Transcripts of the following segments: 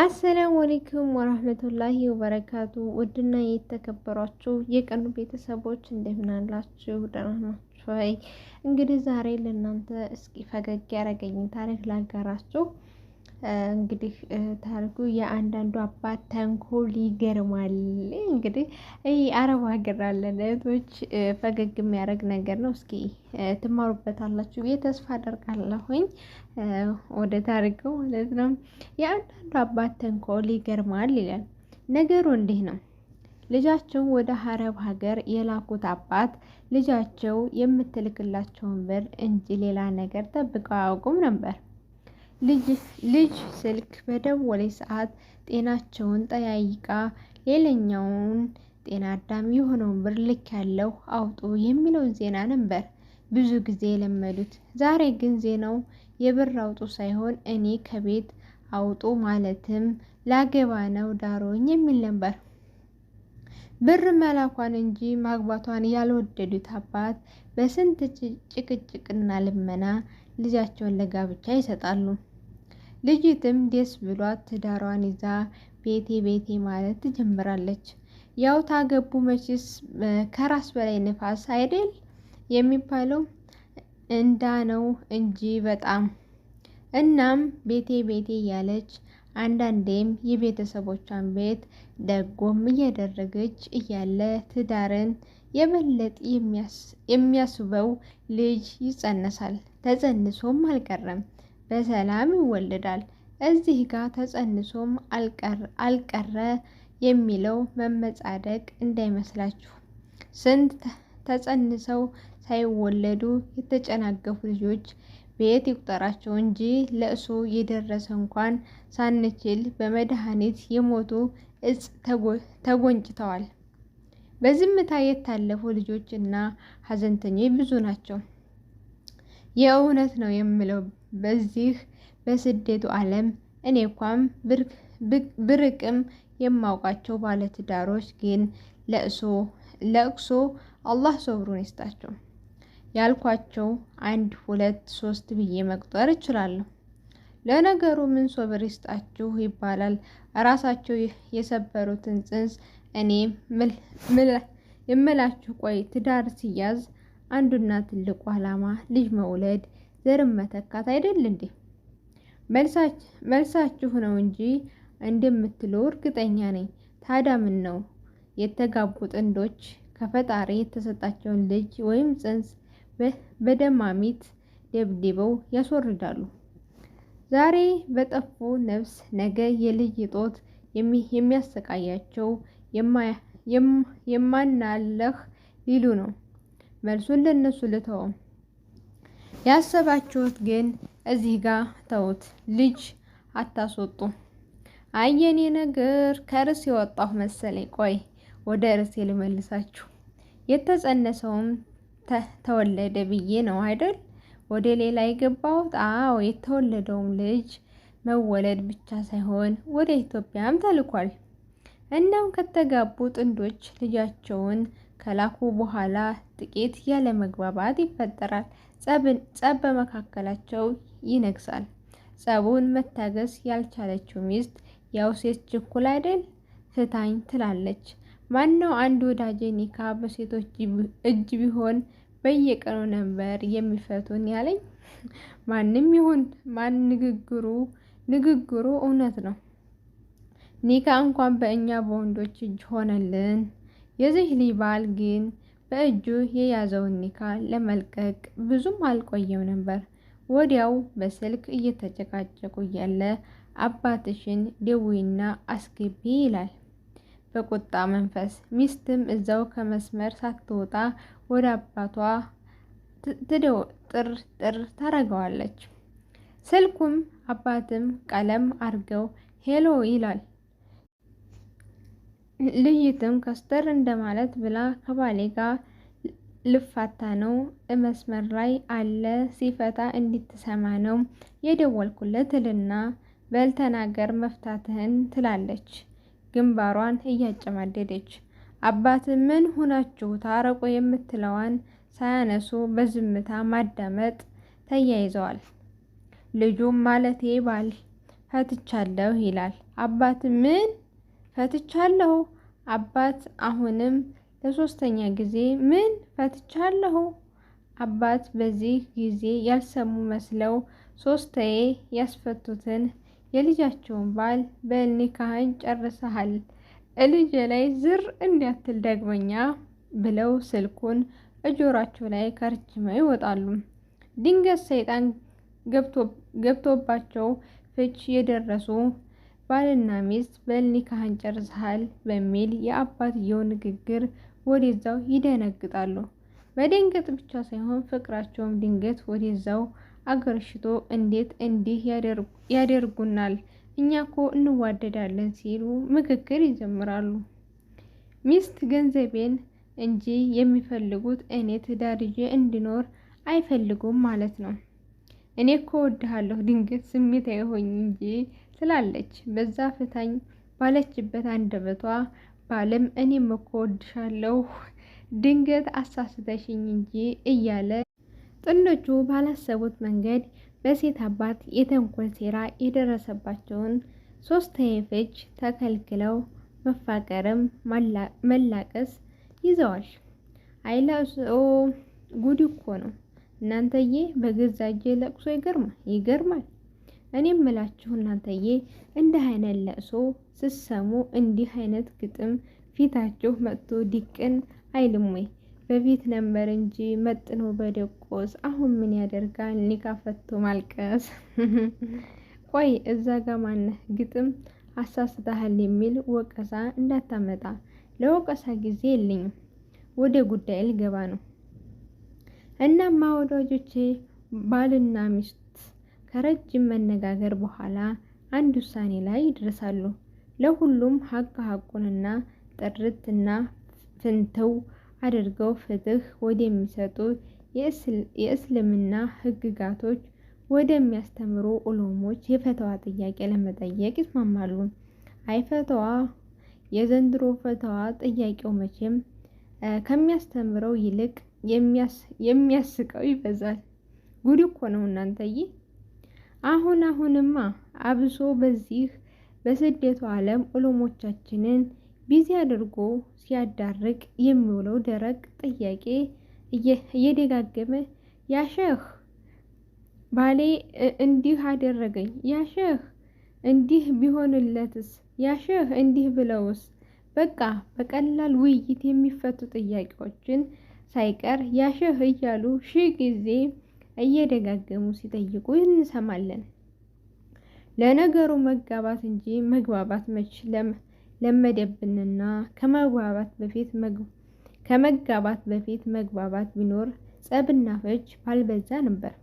አሰላሙ አለይኩም ወራህመቱላሂ ወበረካቱ። ውድና የተከበሯችሁ የቀኑ ቤተሰቦች እንደምን አላችሁ? ደህና ናችሁ ወይ? እንግዲህ ዛሬ ለእናንተ እስኪ ፈገግ ያረገኝን ታሪክ ላጋራችሁ። እንግዲህ ታሪኩ የአንዳንዱ አባት ተንኮል ይገርማል። እንግዲህ ይህ አረብ ሀገር አለን እህቶች ፈገግ የሚያደርግ ነገር ነው። እስኪ ትማሩበታላችሁ ብዬ ተስፋ አደርጋለሁኝ። ወደ ታሪኩ ማለት ነው። የአንዳንዱ አባት ተንኮል ይገርማል ይላል። ነገሩ እንዲህ ነው። ልጃቸው ወደ አረብ ሀገር የላኩት አባት ልጃቸው የምትልክላቸውን ብር እንጂ ሌላ ነገር ጠብቀው አያውቁም ነበር። ልጅ ስልክ በደወለ ሰዓት ጤናቸውን ጠያይቃ ሌላኛውን ጤና አዳም የሆነውን ብር ልክ ያለው አውጡ የሚለውን ዜና ነበር ብዙ ጊዜ የለመዱት። ዛሬ ግን ዜናው የብር አውጡ ሳይሆን እኔ ከቤት አውጡ ማለትም ላገባ ነው ዳሮኝ የሚል ነበር። ብር መላኳን እንጂ ማግባቷን ያልወደዱት አባት በስንት ጭቅጭቅና ልመና ልጃቸውን ለጋብቻ ይሰጣሉ። ልጅትም ደስ ብሏት ትዳሯን ይዛ ቤቴ ቤቴ ማለት ትጀምራለች። ያው ታገቡ መቼስ ከራስ በላይ ንፋስ አይደል የሚባለው እንዳ ነው እንጂ በጣም እናም ቤቴ ቤቴ እያለች አንዳንዴም የቤተሰቦቿን ቤት ደጎም እያደረገች እያለ ትዳርን የበለጥ የሚያስበው ልጅ ይጸነሳል። ተጸንሶም አልቀረም። በሰላም ይወለዳል። እዚህ ጋር ተጸንሶም አልቀረ የሚለው መመጻደቅ እንዳይመስላችሁ። ስንት ተጸንሰው ሳይወለዱ የተጨናገፉ ልጆች ቤት ይቁጠራቸው እንጂ ለእሱ የደረሰ እንኳን ሳንችል በመድኃኒት የሞቱ እጽ ተጎንጭተዋል። በዝምታ የታለፉ ልጆች እና ሀዘንተኞች ብዙ ናቸው። የእውነት ነው የምለው በዚህ በስደቱ ዓለም እኔ እንኳን ብርቅም የማውቃቸው ባለትዳሮች ግን ለቅሶ አላህ ሶብሩን ይስጣቸው ያልኳቸው አንድ ሁለት ሶስት ብዬ መቁጠር እችላለሁ። ለነገሩ ምን ሶብር ይስጣችሁ ይባላል። ራሳቸው የሰበሩትን ጽንስ እኔ የምላችሁ ቆይ ትዳር ሲያዝ አንዱና ትልቁ ዓላማ ልጅ መውለድ፣ ዘር መተካት አይደል እንዴ? መልሳችሁ ነው እንጂ እንደምትለው እርግጠኛ ነኝ። ታዲያ ምን ነው የተጋቡ ጥንዶች ከፈጣሪ የተሰጣቸውን ልጅ ወይም ጽንስ በደማሚት ደብድበው ያስወርዳሉ። ዛሬ በጠፉ ነፍስ ነገ የልጅ እጦት የሚያሰቃያቸው የማናለህ ሊሉ ነው። መልሱን ለነሱ ልተወው። ያሰባችሁት ግን እዚህ ጋር ተውት። ልጅ አታስወጡ። አየኔ ነገር ከርስ የወጣሁ መሰለኝ። ቆይ ወደ ርስ ልመልሳችሁ። የተጸነሰውም ተወለደ ብዬ ነው አይደል ወደ ሌላ የገባሁት? አዎ የተወለደውም ልጅ መወለድ ብቻ ሳይሆን ወደ ኢትዮጵያም ተልኳል። እናም ከተጋቡ ጥንዶች ልጃቸውን ከላኩ በኋላ ጥቂት ያለ መግባባት ይፈጠራል። ጸብ በመካከላቸው ይነግሳል። ጸቡን መታገስ ያልቻለችው ሚስት ያው ሴት ችኩል አይደል ፍታኝ ትላለች። ማነው አንድ ወዳጄ ኒካ በሴቶች እጅ ቢሆን በየቀኑ ነበር የሚፈቱን ያለኝ። ማንም ይሁን ማን ንግግሩ ንግግሩ እውነት ነው። ኒካ እንኳን በእኛ በወንዶች እጅ ሆነልን። የዚህ ሊባል ግን በእጁ የያዘውን ኒካ ለመልቀቅ ብዙም አልቆየም ነበር። ወዲያው በስልክ እየተጨቃጨቁ እያለ አባትሽን ደዊና አስገቢ ይላል በቁጣ መንፈስ። ሚስትም እዛው ከመስመር ሳትወጣ ወደ አባቷ ጥር ጥር ታረገዋለች። ስልኩም አባትም ቀለም አርገው ሄሎ ይላል። ልይትም ከስተር እንደማለት ብላ ከባሌ ጋር ልፋታ ነው፣ መስመር ላይ አለ ሲፈታ እንድትሰማ ነው የደወልኩለት እልና በልተናገር መፍታትህን ትላለች፣ ግንባሯን እያጨማደደች አባት ምን ሁናችሁ ታረቁ የምትለዋን ሳያነሱ በዝምታ ማዳመጥ ተያይዘዋል። ልጁም ማለቴ ባል ፈትቻለሁ ይላል። አባት ምን ፈትቻለሁ አባት አሁንም ለሶስተኛ ጊዜ ምን ፈትቻለሁ? አባት በዚህ ጊዜ ያልሰሙ መስለው ሶስተዬ ያስፈቱትን የልጃቸውን ባል ካህን ጨርሰሃል እልጄ ላይ ዝር እንዲያትል ደግመኛ ብለው ስልኩን እጆራቸው ላይ ከርችመው ይወጣሉ። ድንገት ሰይጣን ገብቶባቸው ፍች የደረሱ ባልና ሚስት በልኒካህን ጨርሰሃል በሚል የአባትየው ንግግር ወደዛው ይደነግጣሉ። በድንገት ብቻ ሳይሆን ፍቅራቸውም ድንገት ወደዛው አገርሽቶ እንዴት እንዲህ ያደርጉናል እኛ እኮ እንዋደዳለን ሲሉ ምክክር ይጀምራሉ። ሚስት ገንዘቤን እንጂ የሚፈልጉት እኔ ትዳር ይዤ እንድኖር አይፈልጉም ማለት ነው። እኔ እኮ ወድሃለሁ ድንገት ስሜት አይሆኝ እንጂ ትላለች። በዛ ፍታኝ ባለችበት አንደበቷ ባለም እኔም እኮ ወድሻለሁ ድንገት አሳስተሽኝ እንጂ እያለ ጥንዶቹ ባላሰቡት መንገድ በሴት አባት የተንኮል ሴራ የደረሰባቸውን ሶስት ፍች ተከልክለው መፋቀርም መላቀስ ይዘዋል። አይላሶ ጉድ እኮ ነው እናንተዬ! በገዛጄ ለቅሶ ይገርማል ይገርማል። እኔም ምላችሁ እናንተዬ እንዲህ አይነት ለቅሶ ስሰሙ እንዲህ አይነት ግጥም ፊታችሁ መጥቶ ዲቅን አይልም ወይ? በፊት ነበር እንጂ መጥኖ በደቆስ አሁን ምን ያደርጋል ኒካ ፈቶ ማልቀስ። ቆይ እዛ ጋ ማነህ ግጥም አሳስተሃል የሚል ወቀሳ እንዳታመጣ። ለወቀሳ ጊዜ የለኝም፣ ወደ ጉዳይ ልገባ ነው። እናማ ወዳጆቼ ባልና ሚስቱ ከረጅም መነጋገር በኋላ አንድ ውሳኔ ላይ ይደርሳሉ። ለሁሉም ሀቅ ሀቁንና ጥርትና ፍንትው አድርገው ፍትህ ወደሚሰጡ የእስልምና ህግጋቶች ወደሚያስተምሩ ዑሎሞች የፈተዋ ጥያቄ ለመጠየቅ ይስማማሉ። አይፈተዋ የዘንድሮ ፈተዋ ጥያቄው መቼም ከሚያስተምረው ይልቅ የሚያስቀው ይበዛል። ጉድ እኮ ነው እናንተዬ! አሁን አሁንማ አብሶ በዚህ በስደቱ ዓለም ዑለሞቻችንን ቢዚ አድርጎ ሲያዳርቅ የሚውለው ደረቅ ጥያቄ እየደጋገመ ያሸህ ባሌ እንዲህ አደረገኝ፣ ያሸህ እንዲህ ቢሆንለትስ፣ ያሸህ እንዲህ ብለውስ፣ በቃ በቀላል ውይይት የሚፈቱ ጥያቄዎችን ሳይቀር ያሸህ እያሉ ሺህ ጊዜ እየደጋገሙ ሲጠይቁ እንሰማለን። ለነገሩ መጋባት እንጂ መግባባት መች ለመደብንና ከመግባባት በፊት ከመጋባት በፊት መግባባት ቢኖር ጸብና ፈጅ ባልበዛ ነበር።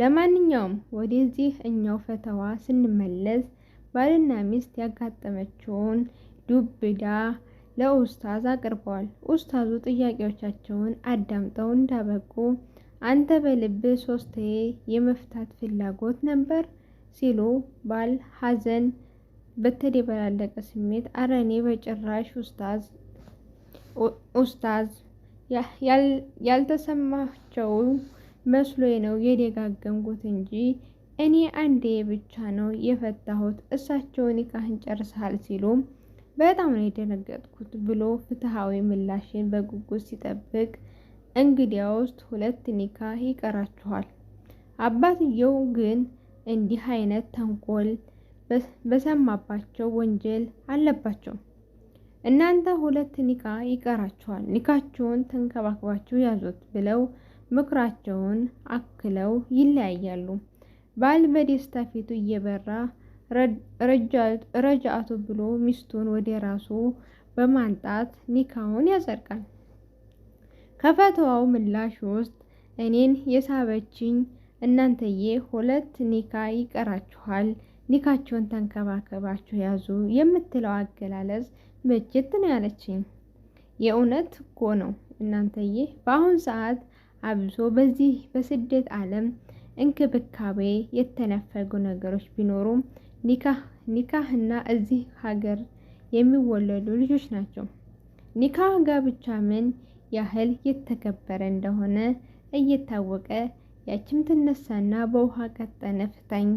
ለማንኛውም ወደዚህ እኛው ፈተዋ ስንመለስ ባልና ሚስት ያጋጠመችውን ዱብዳ ለኡስታዝ አቅርበዋል። ኡስታዙ ጥያቄዎቻቸውን አዳምጠው እንዳበቁ አንተ በልብ ሶስቴ የመፍታት ፍላጎት ነበር ሲሉ ባል ሀዘን በተደበላለቀ ስሜት አረ እኔ በጭራሽ ኡስታዝ ኡስታዝ ያልተሰማቸው መስሎ ነው የደጋገምኩት እንጂ እኔ አንዴ ብቻ ነው የፈታሁት፣ እሳቸውን ኒካህን ጨርሰሃል ሲሉ በጣም ነው የደነገጥኩት ብሎ ፍትሐዊ ምላሽን በጉጉት ሲጠብቅ እንግዲያውስ ሁለት ኒካህ ይቀራችኋል። አባትየው ግን እንዲህ አይነት ተንኮል በሰማባቸው ወንጀል አለባቸው። እናንተ ሁለት ኒካ ይቀራችኋል፣ ኒካችሁን ተንከባክባችሁ ያዙት ብለው ምክራቸውን አክለው ይለያያሉ። ባል በደስታ ፊቱ እየበራ ረጃቱ ብሎ ሚስቱን ወደ ራሱ በማንጣት ኒካውን ያጸድቃል። ከፈተዋው ምላሽ ውስጥ እኔን የሳበችኝ እናንተዬ ሁለት ኒካ ይቀራችኋል፣ ኒካቸውን ተንከባከባችሁ ያዙ የምትለው አገላለጽ ምጅት ነው ያለችኝ። የእውነት እኮ ነው እናንተዬ። በአሁን ሰዓት አብዞ በዚህ በስደት ዓለም እንክብካቤ የተነፈጉ ነገሮች ቢኖሩም ኒካህ ኒካህና እዚህ ሀገር የሚወለዱ ልጆች ናቸው። ኒካህ ጋብቻ ምን ያህል የተከበረ እንደሆነ እየታወቀ ያችም ትነሳና በውሃ ቀጠነ ፍታኝ፣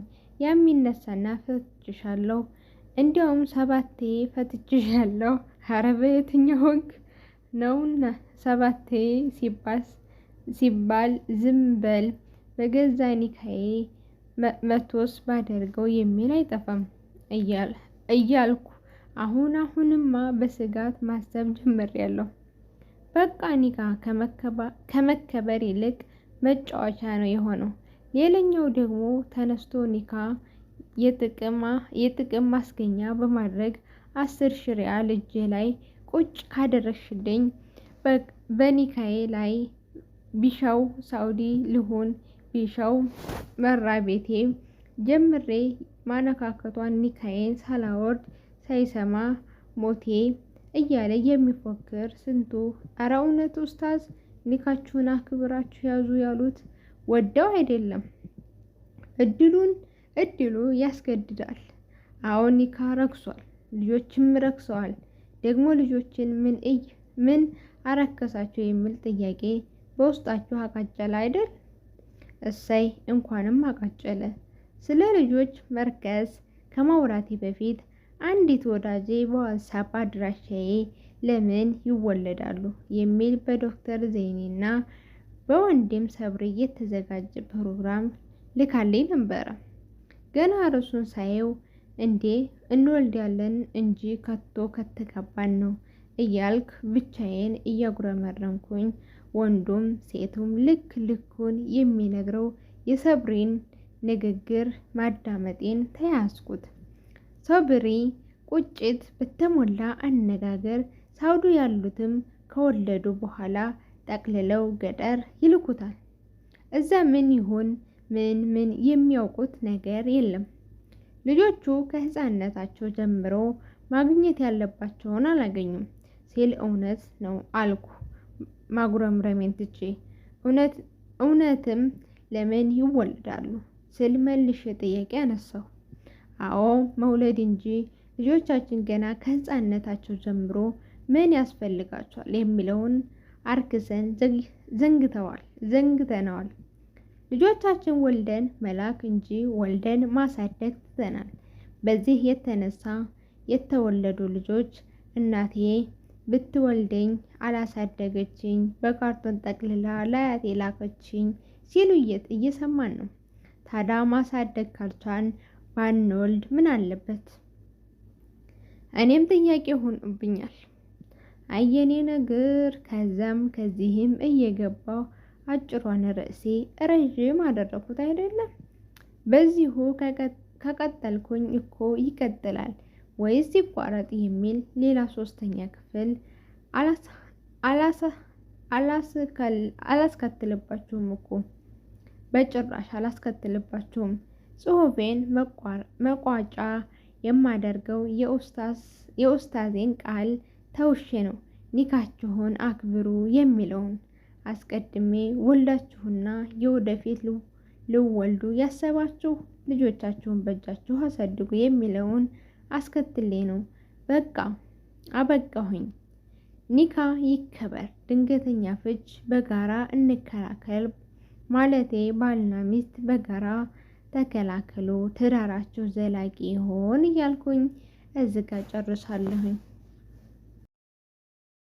ያሚነሳና ፈትችሻለሁ፣ እንዲያውም ሰባቴ ፈትችሻለሁ። ኧረ በየትኛው ሕግ ነውና ሰባቴ ሲባል ዝም በል በገዛ ኒካዬ መቶስ ባደርገው የሚል አይጠፋም እያልኩ አሁን አሁንማ በስጋት ማሰብ ጀምሬያለሁ። በቃ ኒካ ከመከበር ይልቅ መጫወቻ ነው የሆነው። ሌላኛው ደግሞ ተነስቶ ኒካ የጥቅም ማስገኛ በማድረግ አስር ሺህ ሪያል እጄ ላይ ቁጭ ካደረግሽልኝ በኒካዬ ላይ ቢሻው ሳውዲ ልሁን ቢሻው መራ ቤቴ ጀምሬ ማነካከቷን ኒካዬን ሳላወርድ ሳይሰማ ሞቴ እያለ የሚፎክር ስንቱ። አረ እውነት ኡስታዝ ኒካችሁን አክብራችሁ ያዙ ያሉት ወደው አይደለም፣ እድሉን እድሉ ያስገድዳል። አዎ ኒካ ረክሷል፣ ልጆችም ረክሰዋል። ደግሞ ልጆችን ምን እይ ምን አረከሳቸው የሚል ጥያቄ በውስጣችሁ አቃጨለ አይደል? እሰይ እንኳንም አቃጨለ። ስለ ልጆች መርከስ ከማውራቴ በፊት አንዲት ወዳጄ በዋትሳፕ አድራሻዬ ለምን ይወለዳሉ የሚል በዶክተር ዘይኔና በወንድም ሰብር የተዘጋጀ ፕሮግራም ልካልኝ ነበረ። ገና ርዕሱን ሳየው እንዴ እንወልዳለን እንጂ ከቶ ከተጋባን ነው እያልክ ብቻዬን እያጉረመረምኩኝ ወንዱም ሴቱም ልክ ልኩን የሚነግረው የሰብሪን ንግግር ማዳመጤን ተያዝኩት። ሶብሪ ቁጭት በተሞላ አነጋገር ሳውዱ ያሉትም ከወለዱ በኋላ ጠቅልለው ገጠር ይልኩታል። እዛ ምን ይሁን ምን ምን የሚያውቁት ነገር የለም። ልጆቹ ከህፃንነታቸው ጀምሮ ማግኘት ያለባቸውን አላገኙም ሲል እውነት ነው አልኩ ማጉረምረሜን ትቼ። እውነትም ለምን ይወለዳሉ ስል መልሼ ጥያቄ አነሳሁ። አዎ መውለድ እንጂ ልጆቻችን ገና ከህፃንነታቸው ጀምሮ ምን ያስፈልጋቸዋል የሚለውን አርክሰን ዘንግተዋል ዘንግተነዋል። ልጆቻችን ወልደን መላክ እንጂ ወልደን ማሳደግ ትተናል። በዚህ የተነሳ የተወለዱ ልጆች እናቴ ብትወልደኝ አላሳደገችኝ፣ በካርቶን ጠቅልላ ለአያቴ ላከችኝ ሲሉ እየሰማን ነው። ታዳ ማሳደግ ካልቻን ባንወልድ ምን አለበት? እኔም ጥያቄ ሆኖብኛል። አየኔ ነገር ከዛም ከዚህም እየገባው አጭሯን ርዕሴ ረዥም አደረኩት አይደለም። በዚሁ ከቀጠልኩኝ እኮ ይቀጥላል ወይስ ይቋረጥ የሚል ሌላ ሶስተኛ ክፍል አላስከትልባችሁም እኮ በጭራሽ አላስከትልባችሁም። ጽሑፌን መቋጫ የማደርገው የኡስታዜን ቃል ተውሼ ነው። ኒካችሁን አክብሩ የሚለውን አስቀድሜ ወልዳችሁና የወደፊት ልወልዱ ያሰባችሁ ልጆቻችሁን በእጃችሁ አሳድጉ የሚለውን አስከትሌ ነው። በቃ አበቃሁኝ። ኒካ ይከበር፣ ድንገተኛ ፍች በጋራ እንከላከል ማለቴ ባልና ሚስት በጋራ ተከላከሉ፣ ትዳራችሁ ዘላቂ ይሆን እያልኩኝ እዚህ ጋር ጨርሳለሁኝ።